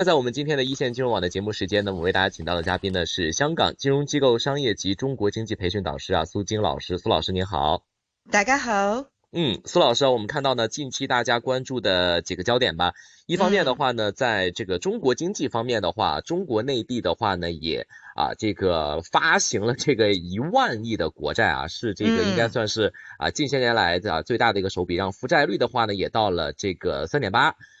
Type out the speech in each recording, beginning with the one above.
那在我們今天的一線金融網的節目時間呢，呢我為大家請到的嘉賓呢是香港金融機構商業及中國經濟培訓導師啊蘇菁老師，蘇老師您好，大家好，嗯，蘇老師、啊，我們看到呢近期大家關注的幾個焦點吧，一方面的話呢，在這個中國經濟方面的話，嗯、中國內地的話呢也啊這個發行了這個一萬億的國債啊，是這個應該算是啊近些年來的啊最大的一個手筆，讓負債率的話呢也到了這個三點八。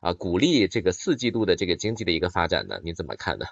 啊，鼓勵這個四季度的這個經濟的一個發展呢？你怎麼看呢？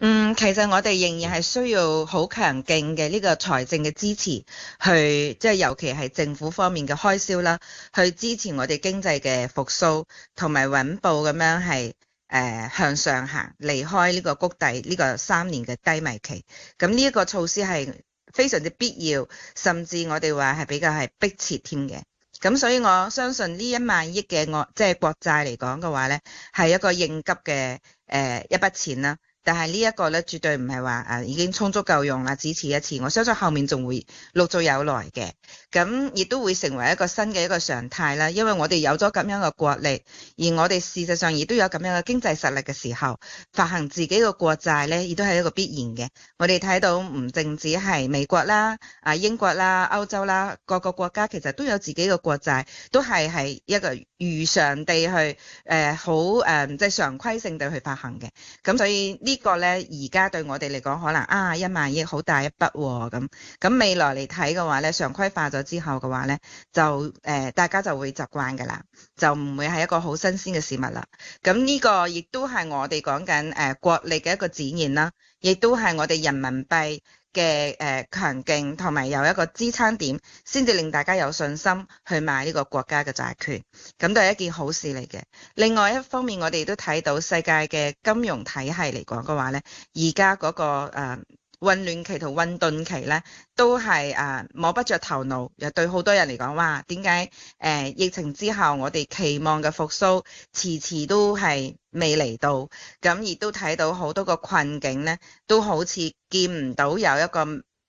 嗯，其實我哋仍然係需要好強勁嘅呢個財政嘅支持，去即係尤其係政府方面嘅開銷啦，去支持我哋經濟嘅復蘇，同埋穩步咁樣係誒、呃、向上行，離開呢個谷底，呢個三年嘅低迷期。咁呢一個措施係非常之必要，甚至我哋話係比較係迫切添嘅。咁所以我相信呢一萬億嘅外即係國債嚟講嘅話咧，係一個應急嘅誒、呃、一筆錢啦。但係呢一個咧，絕對唔係話誒已經充足夠用啦，只此一次，我相信後面仲會陸續有來嘅，咁亦都會成為一個新嘅一個常態啦。因為我哋有咗咁樣嘅國力，而我哋事實上亦都有咁樣嘅經濟實力嘅時候，發行自己嘅國債呢，亦都係一個必然嘅。我哋睇到唔淨止係美國啦、啊英國啦、歐洲啦，各個國家其實都有自己嘅國債，都係喺一個如常地去誒、呃、好誒即係常規性地去發行嘅。咁所以呢，呢個呢，而家對我哋嚟講，可能啊一萬億好大一筆喎。咁咁未來嚟睇嘅話呢，常規化咗之後嘅話呢，就誒、呃、大家就會習慣㗎啦，就唔會係一個好新鮮嘅事物啦。咁呢個亦都係我哋講緊誒國力嘅一個展現啦，亦都係我哋人民幣嘅誒強勁同埋有一個支撐點，先至令大家有信心去買呢個國家嘅債券，咁都係一件好事嚟嘅。另外一方面，我哋都睇到世界嘅金融體系嚟講嘅話咧，而家嗰個誒。呃混亂期同混沌期咧，都係啊摸不着頭腦，又對好多人嚟講話點解誒疫情之後，我哋期望嘅復甦遲遲都係未嚟到，咁亦都睇到好多個困境咧，都好似見唔到有一個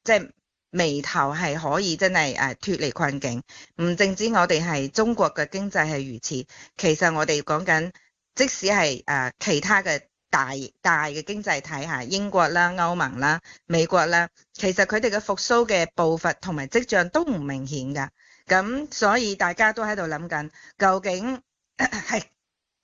即係、就是、苗頭係可以真係誒脫離困境。唔淨止我哋係中國嘅經濟係如此，其實我哋講緊即使係誒、啊、其他嘅。大大嘅經濟體系，英國啦、歐盟啦、美國啦，其實佢哋嘅復甦嘅步伐同埋跡象都唔明顯噶。咁所以大家都喺度諗緊，究竟係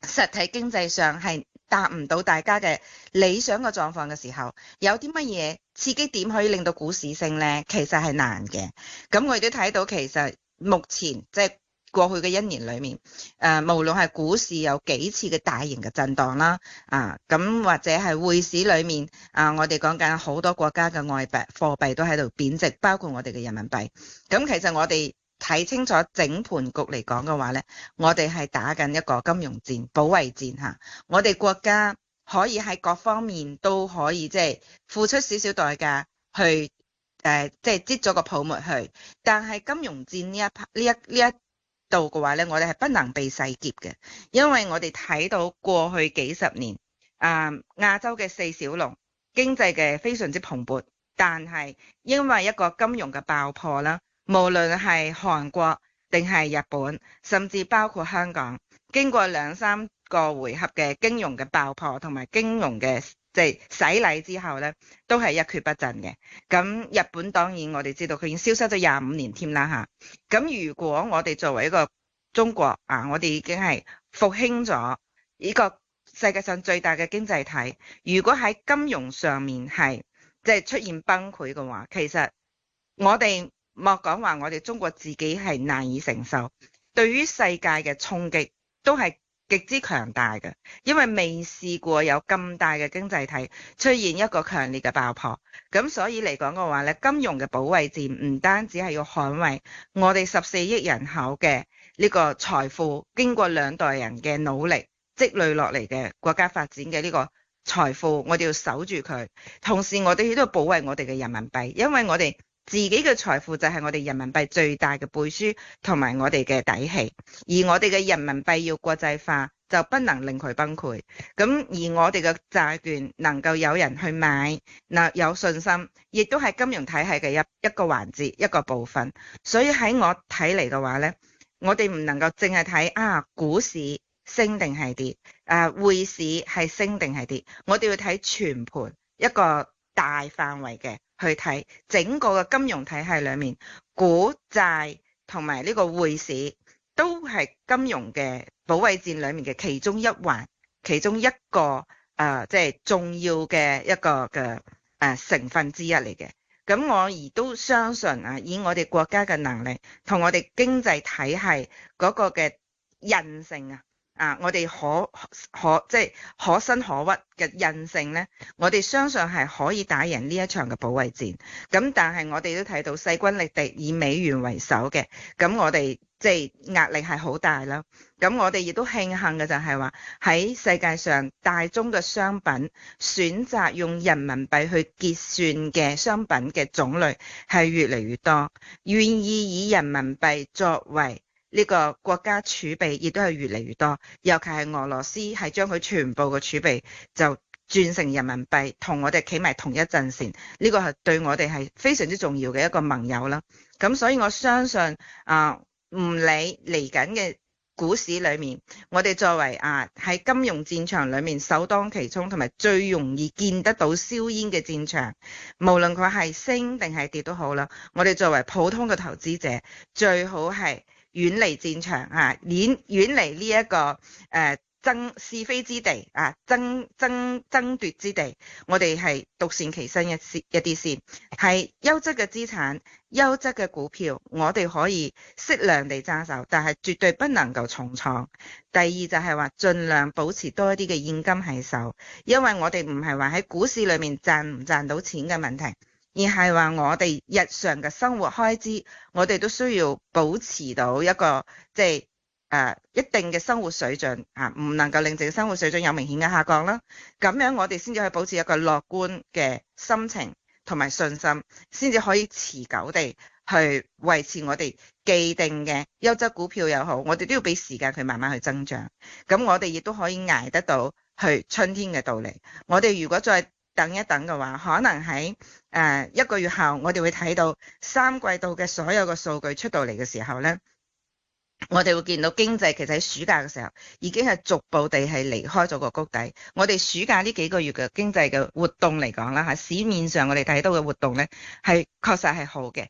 實體經濟上係達唔到大家嘅理想嘅狀況嘅時候，有啲乜嘢刺激點可以令到股市升呢？其實係難嘅。咁我亦都睇到，其實目前即係。就是過去嘅一年裏面，誒、啊，無論係股市有幾次嘅大型嘅震盪啦，啊，咁、啊、或者係匯市裏面，啊，我哋講緊好多國家嘅外幣貨幣都喺度貶值，包括我哋嘅人民幣。咁、啊、其實我哋睇清楚整盤局嚟講嘅話呢，我哋係打緊一個金融戰、保衛戰吓。我哋國家可以喺各方面都可以，即、就、係、是、付出少少代價去，誒、啊，即係擠咗個泡沫去。但係金融戰呢一呢一呢一。到嘅話咧，我哋係不能被洗劫嘅，因為我哋睇到過去幾十年，啊、嗯、亞洲嘅四小龍經濟嘅非常之蓬勃，但係因為一個金融嘅爆破啦，無論係韓國定係日本，甚至包括香港，經過兩三個回合嘅金融嘅爆破同埋金融嘅。即係洗禮之後咧，都係一蹶不振嘅。咁日本當然我哋知道佢已經消失咗廿五年添啦吓，咁如果我哋作為一個中國啊，我哋已經係復興咗呢個世界上最大嘅經濟體。如果喺金融上面係即係出現崩潰嘅話，其實我哋莫講話我哋中國自己係難以承受，對於世界嘅衝擊都係。極之強大嘅，因為未試過有咁大嘅經濟體出現一個強烈嘅爆破，咁所以嚟講嘅話咧，金融嘅保衛戰唔單止係要捍衛我哋十四億人口嘅呢個財富，經過兩代人嘅努力積累落嚟嘅國家發展嘅呢個財富，我哋要守住佢，同時我哋亦都要保衛我哋嘅人民幣，因為我哋。自己嘅財富就係我哋人民幣最大嘅背書同埋我哋嘅底氣，而我哋嘅人民幣要國際化就不能令佢崩潰，咁而我哋嘅債券能夠有人去買，嗱，有信心，亦都係金融體系嘅一一個環節、一個部分，所以喺我睇嚟嘅話呢，我哋唔能夠淨係睇啊股市升定係跌，啊匯市係升定係跌，我哋要睇全盤一個。大範圍嘅去睇整個嘅金融體系裏面，股債同埋呢個匯市都係金融嘅保衞戰裏面嘅其中一環，其中一個誒即係重要嘅一個嘅誒、呃、成分之一嚟嘅。咁我亦都相信啊，以我哋國家嘅能力同我哋經濟體系嗰個嘅韌性啊。啊！我哋可可即係可伸可屈嘅韌性咧，我哋相信係可以打贏呢一場嘅保衛戰。咁但係我哋都睇到勢均力敵，以美元為首嘅，咁我哋即係壓力係好大啦。咁我哋亦都慶幸嘅就係話喺世界上大宗嘅商品選擇用人民幣去結算嘅商品嘅種類係越嚟越多，願意以人民幣作為。呢個國家儲備亦都係越嚟越多，尤其係俄羅斯係將佢全部嘅儲備就轉成人民幣，同我哋企埋同一陣線。呢、這個係對我哋係非常之重要嘅一個盟友啦。咁所以我相信啊，唔、呃、理嚟緊嘅股市裡面，我哋作為啊喺、呃、金融戰場裡面首當其衝同埋最容易見得到硝煙嘅戰場，無論佢係升定係跌都好啦。我哋作為普通嘅投資者，最好係。遠離戰場啊，遠遠離呢一個誒爭是非之地啊，爭爭爭奪之地，我哋係獨善其身，一啲一啲先，係優質嘅資產、優質嘅股票，我哋可以適量地揸手，但係絕對不能夠重倉。第二就係話盡量保持多一啲嘅現金喺手，因為我哋唔係話喺股市裏面賺唔賺到錢嘅問題。而係話我哋日常嘅生活開支，我哋都需要保持到一個即係誒、呃、一定嘅生活水準啊，唔能夠令自己生活水準有明顯嘅下降啦。咁樣我哋先至可以保持一個樂觀嘅心情同埋信心，先至可以持久地去維持我哋既定嘅優質股票又好，我哋都要俾時間佢慢慢去增長。咁我哋亦都可以捱得到去春天嘅到嚟。我哋如果再，等一等嘅話，可能喺誒一個月後，我哋會睇到三季度嘅所有嘅數據出到嚟嘅時候呢，我哋會見到經濟其實喺暑假嘅時候已經係逐步地係離開咗個谷底。我哋暑假呢幾個月嘅經濟嘅活動嚟講啦，喺市面上我哋睇到嘅活動呢係確實係好嘅。誒、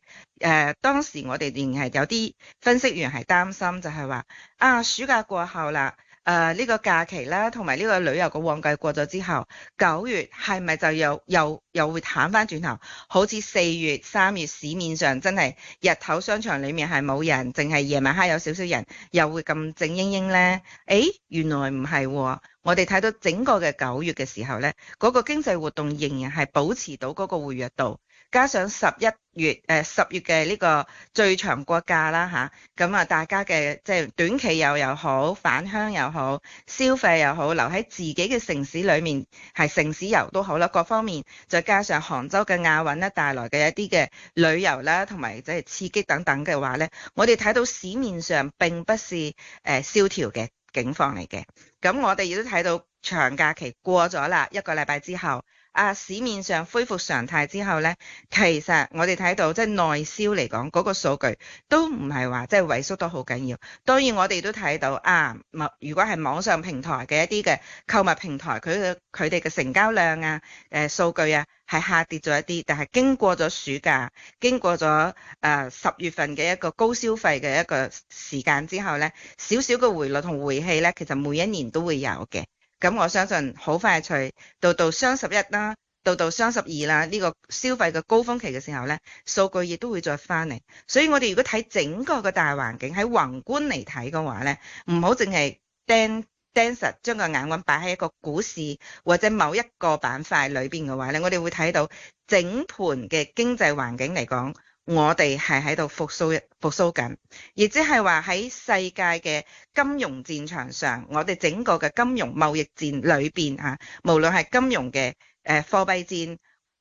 呃、當時我哋仍然係有啲分析員係擔心就，就係話啊暑假過後啦。誒，呢個假期啦，同埋呢個旅遊嘅旺季過咗之後，九月係咪就又又又會淡返轉頭？好似四月、三月市面上真係日頭商場裏面係冇人，淨係夜晚黑有少少人，又會咁靜英英呢，誒，原來唔係，我哋睇到整個嘅九月嘅時候呢，嗰個經濟活動仍然係保持到嗰個活躍度。加上十一月，誒、呃，十月嘅呢個最長國假啦吓，咁啊大家嘅即係短期遊又好，返鄉又好，消費又好，留喺自己嘅城市裏面係城市遊都好啦，各方面，再加上杭州嘅亞運咧帶來嘅一啲嘅旅遊啦，同埋即係刺激等等嘅話咧，我哋睇到市面上並不是誒蕭條嘅景況嚟嘅，咁我哋亦都睇到長假期過咗啦，一個禮拜之後。啊，市面上恢復常態之後呢，其實我哋睇到即係內銷嚟講嗰個數據都唔係話即係萎縮得好緊要。當然我哋都睇到啊，如果係網上平台嘅一啲嘅購物平台，佢嘅佢哋嘅成交量啊、誒、呃、數據啊，係下跌咗一啲。但係經過咗暑假，經過咗誒十月份嘅一個高消費嘅一個時間之後呢，少少嘅回落同回氣呢，其實每一年都會有嘅。咁我相信好快脆，到到雙十一啦，到到雙十二啦，呢、這個消費嘅高峰期嘅時候呢，數據亦都會再翻嚟。所以我哋如果睇整個嘅大環境喺宏觀嚟睇嘅話呢，唔好淨係盯盯實，將個、er, 嗯、眼光擺喺一個股市或者某一個板塊裏邊嘅話呢，我哋會睇到整盤嘅經濟環境嚟講。我哋係喺度復蘇，復蘇緊，亦即係話喺世界嘅金融戰場上，我哋整個嘅金融貿易戰裏邊啊，無論係金融嘅誒、呃、貨幣戰、誒、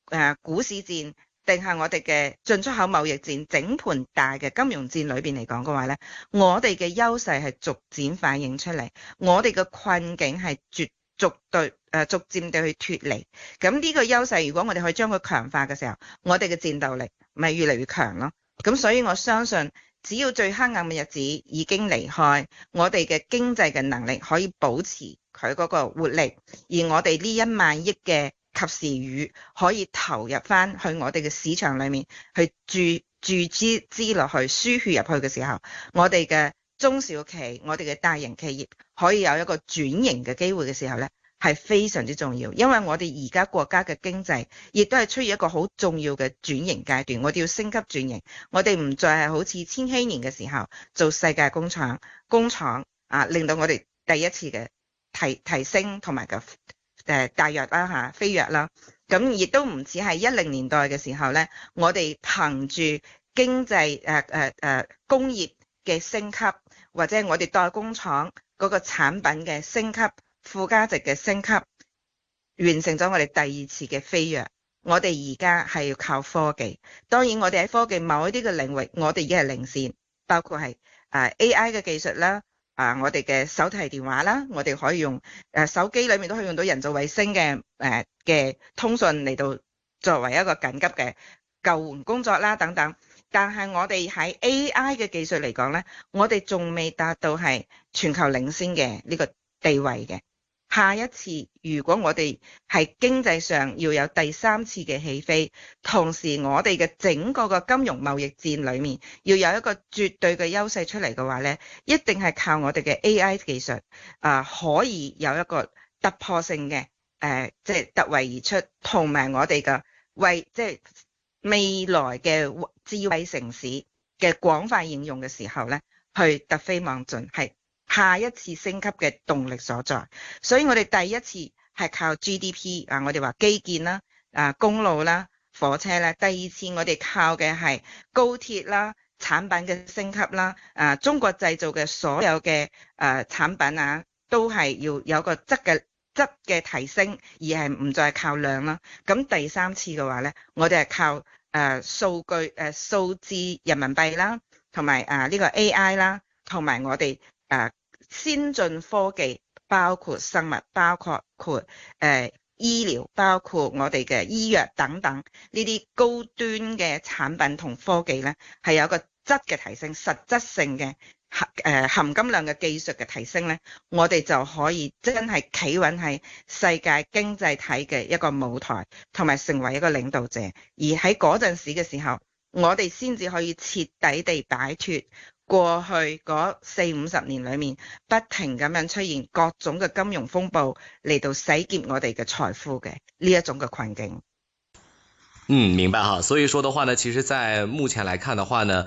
呃、股市戰，定係我哋嘅進出口貿易戰，整盤大嘅金融戰裏邊嚟講嘅話呢，我哋嘅優勢係逐漸反映出嚟，我哋嘅困境係絕。逐對、誒，逐漸地去脱離。咁呢個優勢，如果我哋可以將佢強化嘅時候，我哋嘅戰鬥力咪越嚟越強咯。咁所以我相信，只要最黑暗嘅日子已經離開，我哋嘅經濟嘅能力可以保持佢嗰個活力，而我哋呢一萬億嘅及時雨可以投入翻去我哋嘅市場裡面，去注注資資落去，輸血入去嘅時候，我哋嘅中小企，我哋嘅大型企業，可以有一個轉型嘅機會嘅時候呢，係非常之重要，因為我哋而家國家嘅經濟亦都係出現一個好重要嘅轉型階段，我哋要升級轉型，我哋唔再係好似千禧年嘅時候做世界工廠、工廠啊，令到我哋第一次嘅提提升同埋嘅誒大躍啦嚇飛躍啦，咁亦都唔似係一零年代嘅時候呢，我哋憑住經濟誒誒誒工業嘅升級或者我哋代工廠。嗰個產品嘅升級、附加值嘅升級，完成咗我哋第二次嘅飛躍。我哋而家係要靠科技，當然我哋喺科技某一啲嘅領域，我哋已經係領先，包括係啊 AI 嘅技術啦，啊我哋嘅手提電話啦，我哋可以用誒手機裡面都可以用到人造衛星嘅誒嘅通訊嚟到作為一個緊急嘅救援工作啦，等等。但係我哋喺 A.I. 嘅技術嚟講呢，我哋仲未達到係全球領先嘅呢個地位嘅。下一次如果我哋係經濟上要有第三次嘅起飛，同時我哋嘅整個嘅金融貿易戰裏面要有一個絕對嘅優勢出嚟嘅話呢，一定係靠我哋嘅 A.I. 技術啊、呃，可以有一個突破性嘅誒，即、呃、係、就是、突圍而出，同埋我哋嘅為即係。就是未來嘅智慧城市嘅廣泛應用嘅時候呢，去突飛猛進，係下一次升級嘅動力所在。所以我哋第一次係靠 GDP 啊，我哋話基建啦、啊公路啦、火車啦；第二次我哋靠嘅係高鐵啦、產品嘅升級啦、啊中國製造嘅所有嘅誒產品啊，都係要有個質嘅。質嘅提升，而係唔再靠量啦。咁第三次嘅話呢，我哋係靠誒數據誒數字人民幣啦，同埋啊呢個 A.I. 啦，同埋我哋誒先進科技，包括生物，包括括誒醫療，包括我哋嘅醫藥等等呢啲高端嘅產品同科技呢，係有個質嘅提升，實質性嘅。含誒含金量嘅技術嘅提升呢，我哋就可以真係企穩喺世界經濟體嘅一個舞台，同埋成為一個領導者。而喺嗰陣時嘅時候，我哋先至可以徹底地擺脫過去嗰四五十年裏面不停咁樣出現各種嘅金融風暴嚟到洗劫我哋嘅財富嘅呢一種嘅困境。嗯，明白哈。所以說的話呢，其實在目前來看的話呢。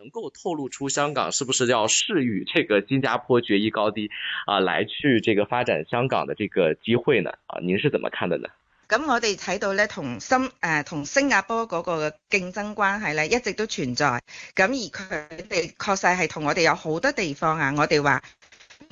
能夠透露出香港是不是要試與這個新加坡決一高低啊，來去這個發展香港的這個機會呢？啊，您是怎麼看的呢？咁、嗯、我哋睇到咧，同新誒同新加坡嗰個競爭關係咧，一直都存在。咁、嗯、而佢哋確實係同我哋有好多地方啊，我哋話。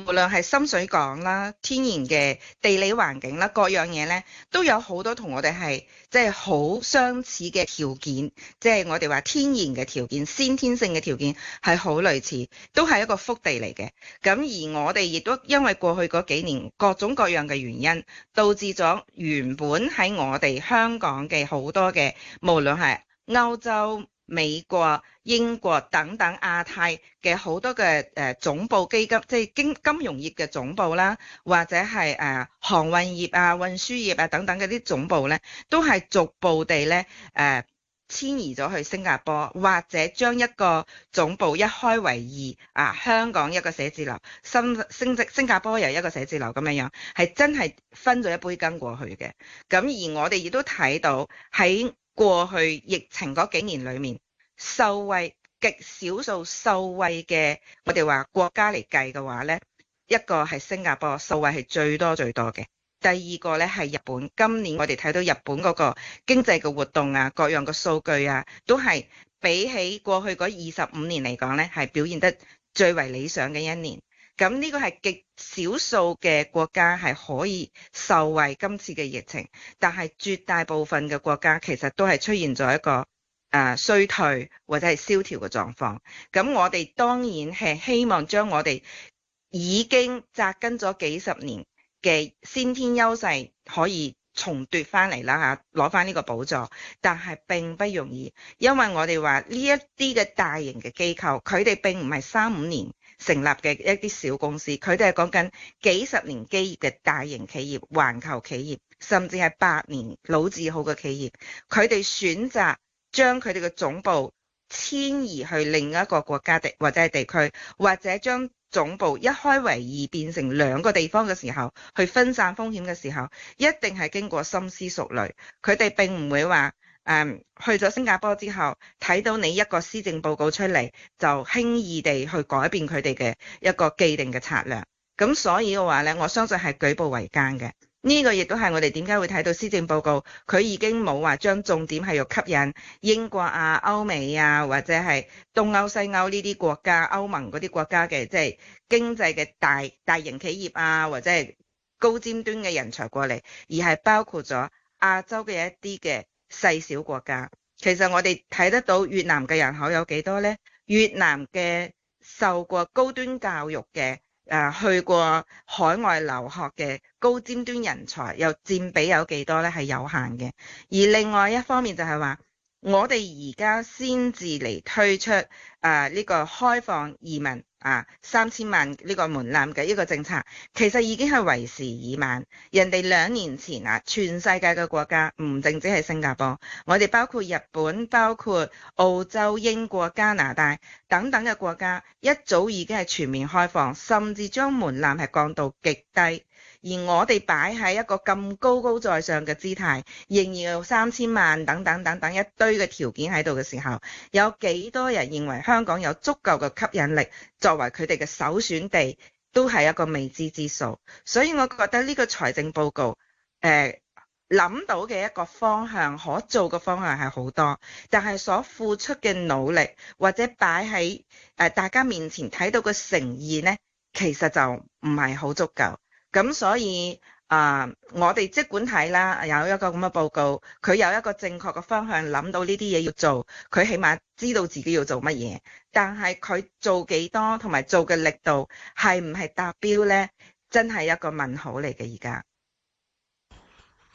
無論係深水港啦、天然嘅地理環境啦，各樣嘢呢，都有好多同我哋係即係好相似嘅條件，即係我哋話天然嘅條件、先天性嘅條件係好類似，都係一個福地嚟嘅。咁而我哋亦都因為過去嗰幾年各種各樣嘅原因，導致咗原本喺我哋香港嘅好多嘅，無論係歐洲、美國、英國等等亞太嘅好多嘅誒總部基金，即係經金融業嘅總部啦，或者係誒航運業啊、運輸業啊等等嗰啲總部呢，都係逐步地呢誒遷移咗去新加坡，或者將一個總部一開為二啊，香港一個寫字樓，新、星際、新加坡又一個寫字樓咁樣樣，係真係分咗一杯羹過去嘅。咁而我哋亦都睇到喺。過去疫情嗰幾年裏面，受惠極少數受惠嘅，我哋話國家嚟計嘅話呢，一個係新加坡受惠係最多最多嘅，第二個呢係日本。今年我哋睇到日本嗰個經濟嘅活動啊，各樣嘅數據啊，都係比起過去嗰二十五年嚟講呢係表現得最為理想嘅一年。咁呢個係極少數嘅國家係可以受惠今次嘅疫情，但係絕大部分嘅國家其實都係出現咗一個誒、呃、衰退或者係蕭條嘅狀況。咁我哋當然係希望將我哋已經扎根咗幾十年嘅先天優勢可以重奪翻嚟啦嚇，攞翻呢個寶座，但係並不容易，因為我哋話呢一啲嘅大型嘅機構，佢哋並唔係三五年。成立嘅一啲小公司，佢哋係講緊幾十年基業嘅大型企業、環球企業，甚至係百年老字號嘅企業，佢哋選擇將佢哋嘅總部遷移去另一個國家地或者係地區，或者將總部一開為二變成兩個地方嘅時候，去分散風險嘅時候，一定係經過深思熟慮，佢哋並唔會話。誒去咗新加坡之後，睇到你一個施政報告出嚟，就輕易地去改變佢哋嘅一個既定嘅策略。咁所以嘅話呢，我相信係舉步維艱嘅。呢個亦都係我哋點解會睇到施政報告，佢已經冇話將重點係要吸引英國啊、歐美啊，或者係東歐、西歐呢啲國家、歐盟嗰啲國家嘅即係經濟嘅大大型企業啊，或者係高尖端嘅人才過嚟，而係包括咗亞洲嘅一啲嘅。細小國家，其實我哋睇得到越南嘅人口有幾多呢？越南嘅受過高端教育嘅，誒、呃，去過海外留學嘅高尖端人才又佔比有幾多呢？係有限嘅。而另外一方面就係話。我哋而家先至嚟推出啊呢個開放移民啊三千萬呢個門檻嘅一個政策，其實已經係為時已晚。人哋兩年前啊，全世界嘅國家唔淨止係新加坡，我哋包括日本、包括澳洲、英國、加拿大等等嘅國家，一早已經係全面開放，甚至將門檻係降到極低。而我哋擺喺一個咁高高在上嘅姿態，仍然有三千萬等等等等一堆嘅條件喺度嘅時候，有幾多人認為香港有足夠嘅吸引力作為佢哋嘅首選地，都係一個未知之數。所以我覺得呢個財政報告誒諗、呃、到嘅一個方向，可做嘅方向係好多，但係所付出嘅努力或者擺喺誒大家面前睇到嘅誠意呢，其實就唔係好足夠。咁所以啊，uh, 我哋即管睇啦，有一個咁嘅報告，佢有一個正確嘅方向，諗到呢啲嘢要做，佢起碼知道自己要做乜嘢，但係佢做幾多，同埋做嘅力度係唔係達標咧？真係一個問號嚟嘅而家。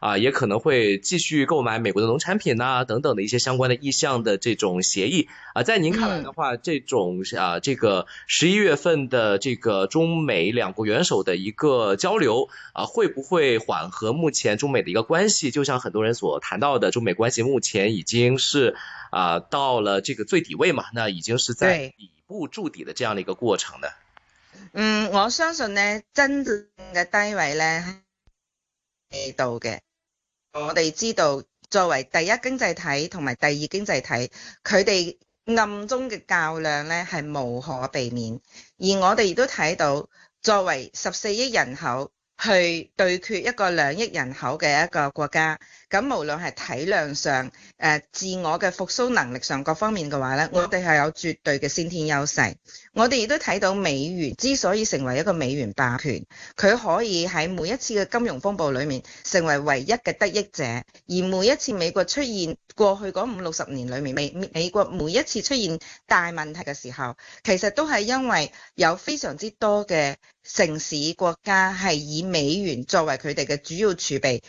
啊，也可能會繼續購買美國的農產品呐、啊，等等的一些相關的意向的這種協議啊，在您看來的話，這種啊，這個十一月份的這個中美兩國元首的一個交流啊，會不會緩和目前中美的一個關係？就像很多人所談到的，中美關係目前已經是啊到了這個最底位嘛，那已經是在底部築底的這樣的一個過程的。嗯，我相信呢，真正嘅低位咧。係嘅，我哋知道作為第一經濟體同埋第二經濟體，佢哋暗中嘅較量呢係無可避免。而我哋亦都睇到，作為十四億人口去對決一個兩億人口嘅一個國家。咁無論係體量上，誒自我嘅復蘇能力上，各方面嘅話呢，我哋係有絕對嘅先天優勢。我哋亦都睇到美元之所以成為一個美元霸權，佢可以喺每一次嘅金融風暴裏面成為唯一嘅得益者。而每一次美國出現過去嗰五六十年裏面，美美國每一次出現大問題嘅時候，其實都係因為有非常之多嘅城市國家係以美元作為佢哋嘅主要儲備。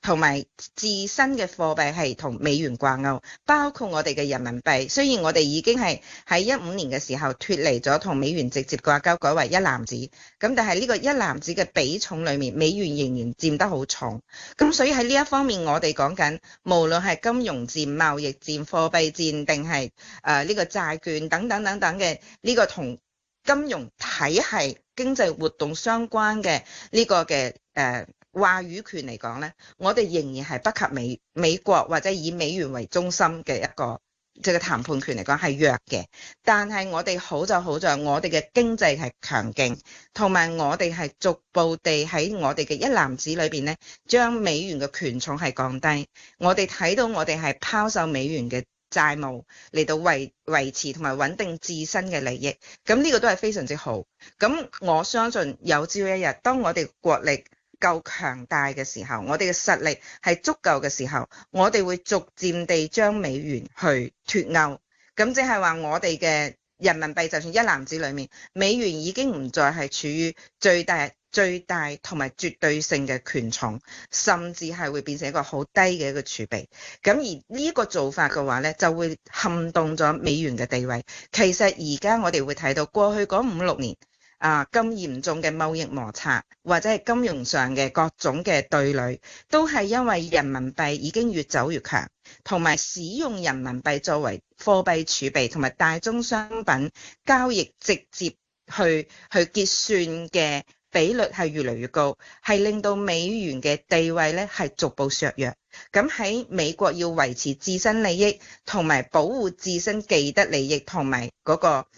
同埋自身嘅貨幣係同美元掛鈎，包括我哋嘅人民幣。雖然我哋已經係喺一五年嘅時候脫離咗同美元直接掛鈎，改為一籃子，咁但係呢個一籃子嘅比重裏面，美元仍然佔得好重。咁所以喺呢一方面，我哋講緊無論係金融戰、貿易戰、貨幣戰定係誒呢個債券等等等等嘅呢個同金融體系、經濟活動相關嘅呢個嘅誒。呃話語權嚟講呢，我哋仍然係不及美美國或者以美元為中心嘅一個即係談判權嚟講係弱嘅。但係我哋好就好在我哋嘅經濟係強勁，同埋我哋係逐步地喺我哋嘅一籃子裏邊呢，將美元嘅權重係降低。我哋睇到我哋係拋售美元嘅債務嚟到維維持同埋穩定自身嘅利益，咁呢個都係非常之好。咁我相信有朝一日，當我哋國力，夠強大嘅時候，我哋嘅實力係足夠嘅時候，我哋會逐漸地將美元去脫鈎，咁即係話我哋嘅人民幣就算一籃子裏面，美元已經唔再係處於最大最大同埋絕對性嘅權重，甚至係會變成一個好低嘅一個儲備，咁而呢個做法嘅話呢，就會撼動咗美元嘅地位。其實而家我哋會睇到過去嗰五六年。啊，咁嚴重嘅貿易摩擦或者係金融上嘅各種嘅對壘，都係因為人民幣已經越走越強，同埋使用人民幣作為貨幣儲備同埋大宗商品交易直接去去結算嘅比率係越嚟越高，係令到美元嘅地位咧，係逐步削弱。咁喺美國要維持自身利益同埋保護自身既得利益同埋嗰個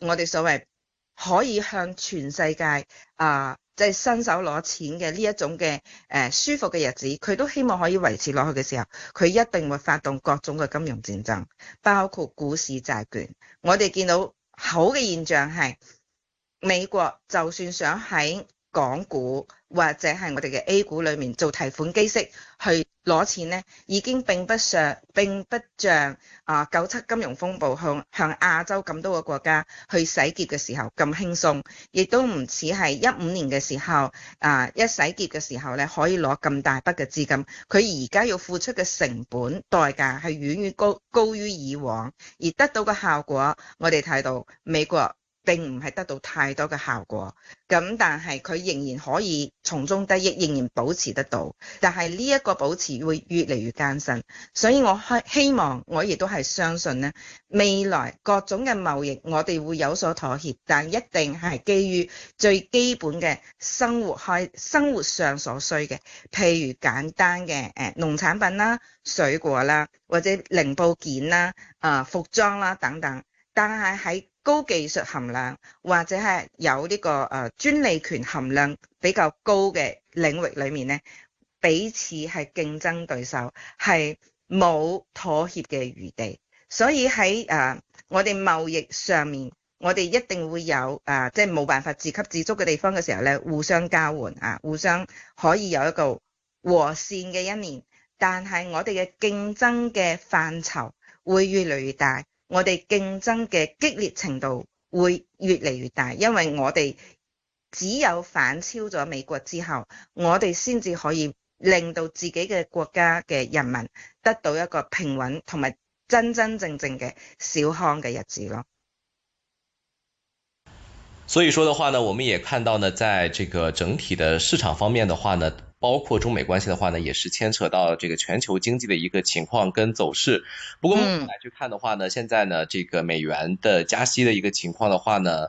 我哋所謂。可以向全世界啊，即、呃、係、就是、伸手攞錢嘅呢一種嘅誒、呃、舒服嘅日子，佢都希望可以維持落去嘅時候，佢一定會發動各種嘅金融戰爭，包括股市、債券。我哋見到好嘅現象係，美國就算想喺。港股或者係我哋嘅 A 股裏面做提款機式去攞錢咧，已經並不上並不像啊九七金融風暴向向亞洲咁多個國家去洗劫嘅時候咁輕鬆，亦都唔似係一五年嘅時候啊、呃、一洗劫嘅時候咧可以攞咁大筆嘅資金，佢而家要付出嘅成本代價係遠遠高高於以往，而得到嘅效果我哋睇到美國。並唔係得到太多嘅效果，咁但係佢仍然可以從中得益，仍然保持得到。但係呢一個保持會越嚟越艱辛，所以我希希望我亦都係相信呢，未來各種嘅貿易我哋會有所妥協，但一定係基於最基本嘅生活開生活上所需嘅，譬如簡單嘅誒農產品啦、水果啦，或者零部件啦、啊、呃、服裝啦等等，但係喺高技術含量或者係有呢個誒專利權含量比較高嘅領域裏面呢彼此係競爭對手，係冇妥協嘅餘地。所以喺誒我哋貿易上面，我哋一定會有誒即係冇辦法自給自足嘅地方嘅時候呢互相交換啊，互相可以有一個和善嘅一面，但係我哋嘅競爭嘅範疇會越嚟越大。我哋競爭嘅激烈程度會越嚟越大，因為我哋只有反超咗美國之後，我哋先至可以令到自己嘅國家嘅人民得到一個平穩同埋真真正正嘅小康嘅日子咯。所以說的話呢，我們也看到呢，在這個整體的市場方面的話呢。包括中美關係的話呢，也是牽扯到這個全球經濟的一個情況跟走勢。不過目前來去看的話呢，現在呢，這個美元的加息的一個情況的話呢。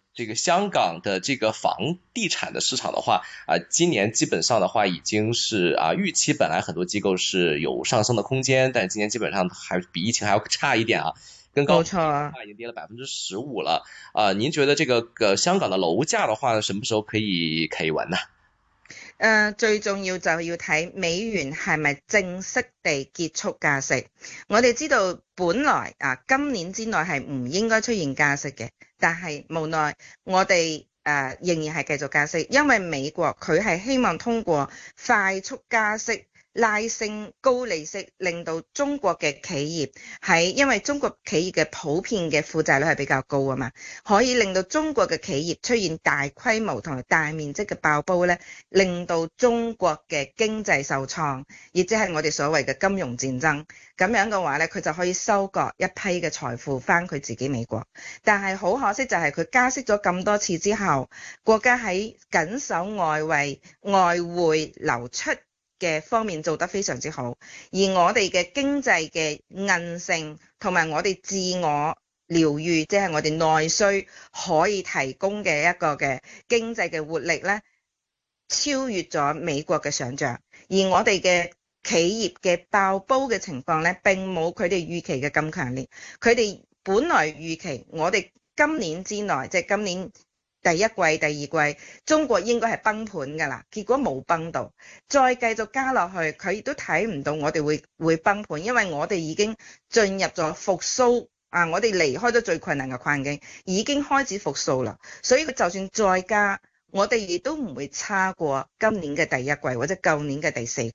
這個香港的這個房地產的市場的話，啊，今年基本上的話已經是啊，預期本來很多機構是有上升的空間，但今年基本上還比疫情還要差一點啊，跟高點，冇錯、啊啊、已經跌了百分之十五了。啊，您覺得這個，呃、啊，香港的樓價的話呢，什麼時候可以可以穩呢？誒、呃，最重要就要睇美元係咪正式地結束加息。我哋知道本來啊，今年之內係唔應該出現加息嘅。但係無奈，我哋誒仍然係繼續加息，因為美國佢係希望通過快速加息。拉升高利息，令到中國嘅企業喺，因為中國企業嘅普遍嘅負債率係比較高啊嘛，可以令到中國嘅企業出現大規模同埋大面積嘅爆煲呢，令到中國嘅經濟受創，亦即係我哋所謂嘅金融戰爭。咁樣嘅話呢，佢就可以收割一批嘅財富翻佢自己美國。但係好可惜就係佢加息咗咁多次之後，國家喺緊守外匯，外匯流出。嘅方面做得非常之好，而我哋嘅經濟嘅韌性同埋我哋自我療癒，即係我哋內需可以提供嘅一個嘅經濟嘅活力咧，超越咗美國嘅想象。而我哋嘅企業嘅爆煲嘅情況咧，並冇佢哋預期嘅咁強烈。佢哋本來預期我哋今年之內即係今年。第一季、第二季，中國應該係崩盤噶啦，結果冇崩到，再繼續加落去，佢亦都睇唔到我哋會會崩盤，因為我哋已經進入咗復蘇啊，我哋離開咗最困難嘅困境，已經開始復蘇啦，所以佢就算再加，我哋亦都唔會差過今年嘅第一季或者舊年嘅第四季，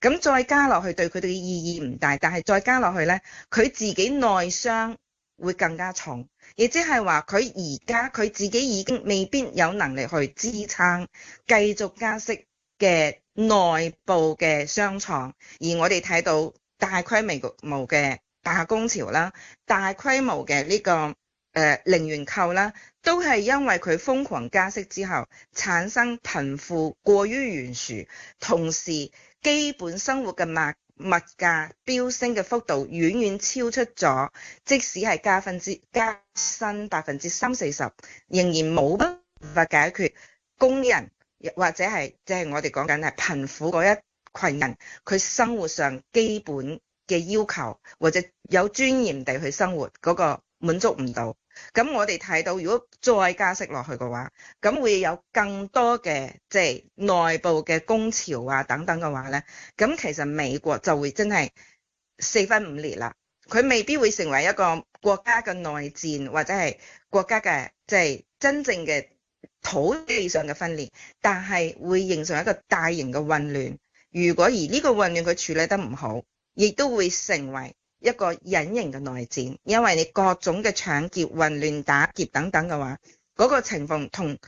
咁再加落去對佢哋嘅意義唔大，但係再加落去咧，佢自己內傷會更加重。亦即係話，佢而家佢自己已經未必有能力去支撐繼續加息嘅內部嘅傷創，而我哋睇到大規模嘅罷工潮啦，大規模嘅呢、這個誒、呃、零元購啦，都係因為佢瘋狂加息之後產生貧富過於懸殊，同時基本生活嘅難。物價飆升嘅幅度遠遠超出咗，即使係加分之加薪百分之三四十，仍然冇法解決工人或者係即係我哋講緊係貧苦嗰一群人，佢生活上基本嘅要求或者有尊嚴地去生活嗰、那個滿足唔到。咁我哋睇到，如果再加息落去嘅話，咁會有更多嘅即係內部嘅工潮啊等等嘅話呢。咁其實美國就會真係四分五裂啦。佢未必會成為一個國家嘅內戰或者係國家嘅即係真正嘅土地上嘅分裂，但係會形成一個大型嘅混亂。如果而呢個混亂佢處理得唔好，亦都會成為。一個隱形嘅內戰，因為你各種嘅搶劫、混亂、打劫等等嘅話，嗰、那個情況同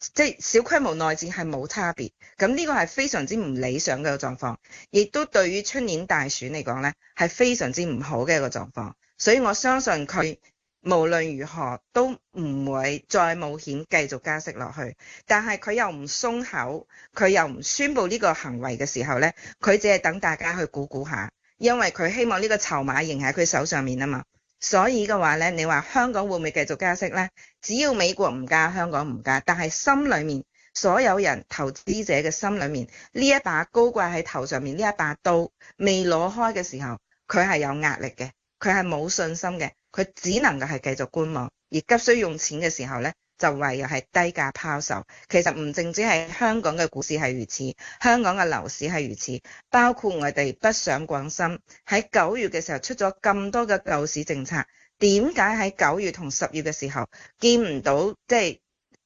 即係小規模內戰係冇差別。咁呢個係非常之唔理想嘅一個狀況，亦都對於春年大選嚟講呢係非常之唔好嘅一個狀況。所以我相信佢無論如何都唔會再冒險繼續加息落去。但係佢又唔鬆口，佢又唔宣布呢個行為嘅時候呢，佢只係等大家去估估下。因為佢希望呢個籌碼仍喺佢手上面啊嘛，所以嘅話呢，你話香港會唔會繼續加息呢？只要美國唔加，香港唔加，但係心裏面所有人投資者嘅心裏面，呢一把高掛喺頭上面呢一把刀未攞開嘅時候，佢係有壓力嘅，佢係冇信心嘅，佢只能夠係繼續觀望，而急需用錢嘅時候呢，就話又係低價拋售，其實唔淨止係香港嘅股市係如此，香港嘅樓市係如此，包括我哋北上廣深喺九月嘅時候出咗咁多嘅樓市政策，點解喺九月同十月嘅時候見唔到即係、就是、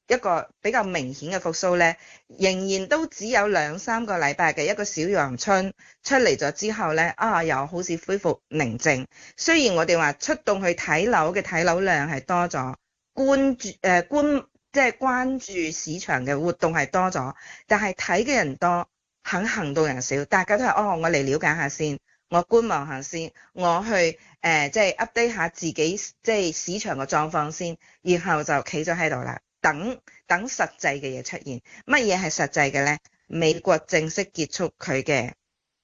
一個比較明顯嘅復甦呢，仍然都只有兩三個禮拜嘅一個小陽春出嚟咗之後呢，啊又好似恢復寧靜，雖然我哋話出動去睇樓嘅睇樓量係多咗。關注誒，觀即係關注市場嘅活動係多咗，但係睇嘅人多，肯行動人少。大家都係哦，我嚟了解下先，我觀望下先，我去誒，即、呃、係、就是、update 下自己即係、就是、市場嘅狀況先，然後就企咗喺度啦，等等實際嘅嘢出現。乜嘢係實際嘅咧？美國正式結束佢嘅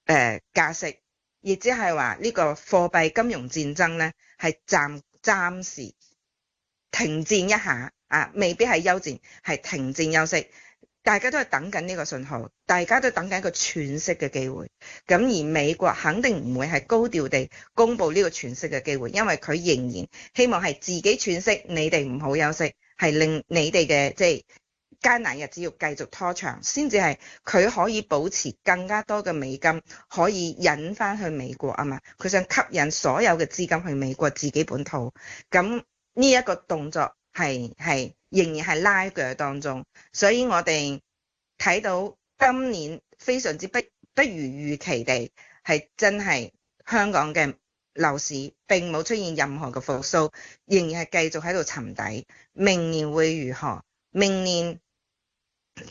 誒加息，亦即係話呢個貨幣金融戰爭咧，係暫暫時。停戰一下啊，未必係休戰，係停戰休息。大家都係等緊呢個信號，大家都等緊一個喘息嘅機會。咁而美國肯定唔會係高調地公布呢個喘息嘅機會，因為佢仍然希望係自己喘息，你哋唔好休息，係令你哋嘅即係艱難日子要繼續拖長，先至係佢可以保持更加多嘅美金可以引返去美國吖嘛。佢想吸引所有嘅資金去美國自己本土咁。呢一個動作係係仍然係拉鋸當中，所以我哋睇到今年非常之不不如預期地係，真係香港嘅樓市並冇出現任何嘅復甦，仍然係繼續喺度沉底。明年會如何？明年？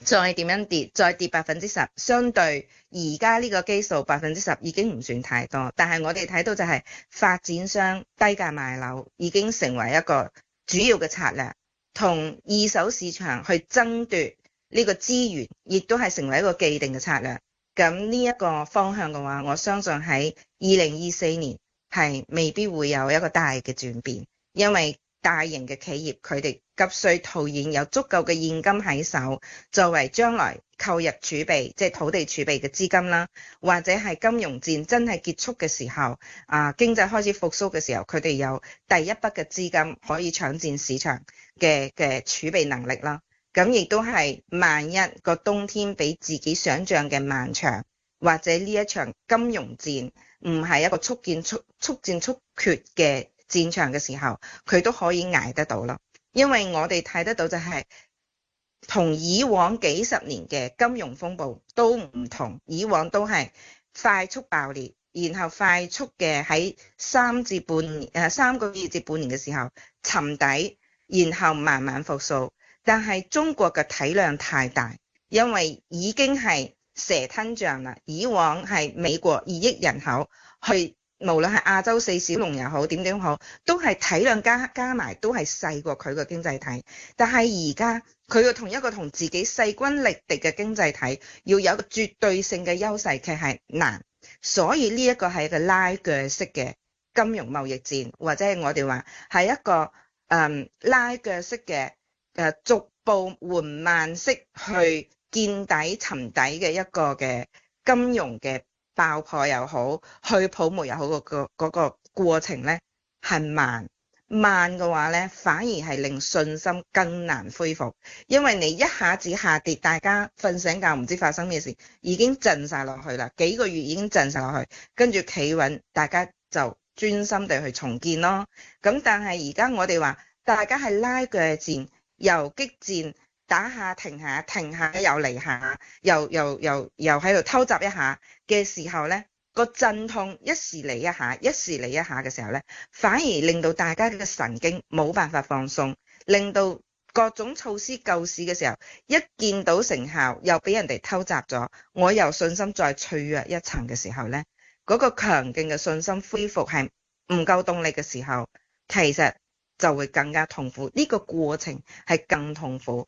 再點樣跌，再跌百分之十，相對而家呢個基數百分之十已經唔算太多。但係我哋睇到就係發展商低價賣樓已經成為一個主要嘅策略，同二手市場去爭奪呢個資源，亦都係成為一個既定嘅策略。咁呢一個方向嘅話，我相信喺二零二四年係未必會有一個大嘅轉變，因為大型嘅企業佢哋急需套現有足夠嘅現金喺手，作為將來購入儲備即係、就是、土地儲備嘅資金啦，或者係金融戰真係結束嘅時候，啊經濟開始復蘇嘅時候，佢哋有第一筆嘅資金可以搶佔市場嘅嘅儲備能力啦。咁亦都係萬一個冬天比自己想象嘅漫長，或者呢一場金融戰唔係一個速戰速速戰速決嘅戰場嘅時候，佢都可以挨得到咯。因為我哋睇得到就係、是、同以往幾十年嘅金融風暴都唔同，以往都係快速爆裂，然後快速嘅喺三至半年誒三個月至半年嘅時候沉底，然後慢慢復甦。但係中國嘅體量太大，因為已經係蛇吞象啦。以往係美國二億人口去。無論係亞洲四小龍又好，點點好，都係體量加加埋都係細過佢個經濟體。但係而家佢要同一個同自己勢均力敵嘅經濟體要有個絕對性嘅優勢，其實係難。所以呢一個係一個拉鋸式嘅金融貿易戰，或者係我哋話係一個誒、嗯、拉鋸式嘅誒逐步緩慢式去見底沉底嘅一個嘅金融嘅。爆破又好，去泡沫又好，個、嗰個過程咧係慢，慢嘅話咧反而係令信心更難恢復，因為你一下子下跌，大家瞓醒覺唔知發生咩事，已經震晒落去啦，幾個月已經震晒落去，跟住企穩，大家就專心地去重建咯。咁但係而家我哋話，大家係拉鋸戰，游擊戰。打下停下停下又嚟下又又又又喺度偷襲一下嘅時候咧，個陣痛一時嚟一下，一時嚟一下嘅時候咧，反而令到大家嘅神經冇辦法放鬆，令到各種措施救市嘅時候，一見到成效又俾人哋偷襲咗，我又信心再脆弱一層嘅時候咧，嗰個強勁嘅信心恢復係唔夠動力嘅時候，其實就會更加痛苦。呢個過程係更痛苦。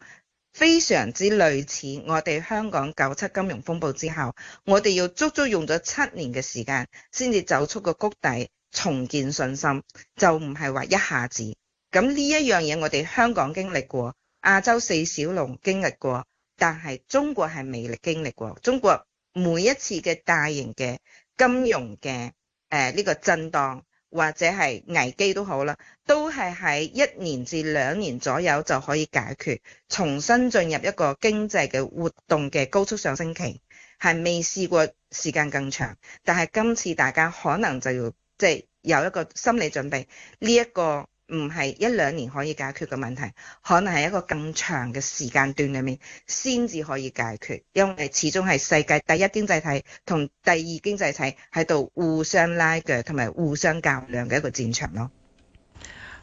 非常之類似我哋香港九七金融風暴之後，我哋要足足用咗七年嘅時間，先至走出個谷底，重建信心，就唔係話一下子。咁呢一樣嘢我哋香港經歷過，亞洲四小龍經歷過，但係中國係未經歷過。中國每一次嘅大型嘅金融嘅誒呢個震盪或者係危機都好啦，都係喺一年至兩年左右就可以解決，重新進入一個經濟嘅活動嘅高速上升期，係未試過時間更長。但係今次大家可能就要即係、即係、有一個心理準備呢一個。唔係一兩年可以解決嘅問題，可能係一個更長嘅時間段裏面先至可以解決，因為始終係世界第一經濟體同第二經濟體喺度互相拉鋸同埋互相較量嘅一個戰場咯。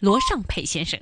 羅尚培先生。